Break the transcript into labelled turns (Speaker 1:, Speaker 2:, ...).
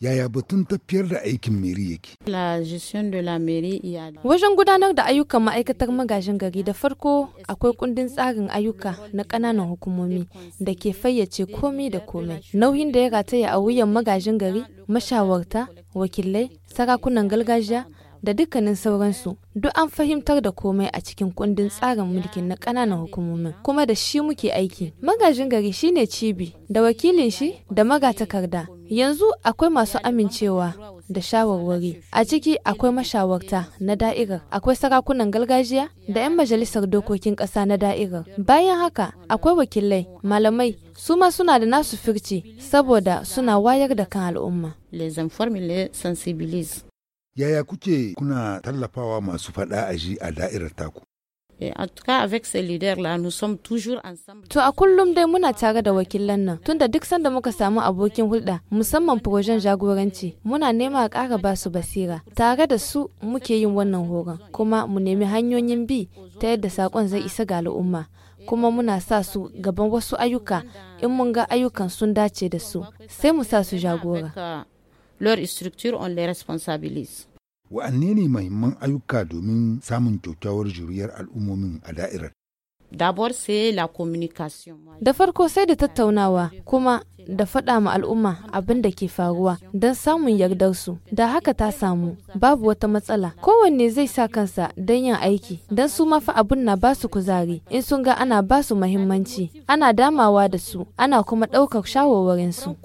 Speaker 1: Yaya batun tafiyar da aikin meri yake?
Speaker 2: Wajen gudanar da ayyukan ma'aikatar magajin gari da farko akwai kundin tsarin ayyuka na ƙananan hukumomi da ke fayyace komai da komai. Nauyin da ya rataya a wuyan magajin gari, mashawarta, wakilai, sarakunan gargajiya, da dukkanin sauransu duk an fahimtar da komai a cikin kundin tsarin mulkin na ƙananan hukumomin kuma da shi muke aiki magajin gari shine cibi da wakilin shi da magatakarda Yanzu akwai masu amincewa da shawarwari. A ciki akwai mashawarta na da'irar, akwai sarakunan gargajiya da 'yan majalisar dokokin ƙasa na da'irar. Bayan haka akwai wakilai, malamai, su ma suna da nasu
Speaker 3: firci saboda suna wayar da kan al'umma.
Speaker 1: Yaya kuke kuna tallafawa masu faɗa a ji a da'irar taku?
Speaker 3: Eh, en tout cas, avec ces leaders-là, nous sommes toujours ensemble. To a kullum dai muna tare da wakilan nan, tunda
Speaker 2: duk sanda muka samu abokin hulɗa, musamman projen jagoranci, muna nema a ƙara ba su basira. Tare da su muke yin wannan horon, kuma mu nemi hanyoyin bi ta yadda saƙon zai isa ga al'umma. kuma muna sa su gaban wasu ayyuka in mun ga ayyukan
Speaker 3: sun dace da su sai mu sa su jagora. Euh, leur structure on les responsabilise.
Speaker 1: Wa'anne ne mahimman ayyuka domin samun kyaukyawar juriyar al'ummomin a da'irar?
Speaker 3: Da farko sai da tattaunawa kuma
Speaker 2: da faɗa ma al'umma abin da ke faruwa don samun yardarsu da haka ta samu babu wata matsala kowanne zai sa kansa don yin aiki don su mafi abin na ba su kuzari in sun ga ana ba su muhimmanci ana damawa da su ana kuma ɗaukar shawarwarinsu.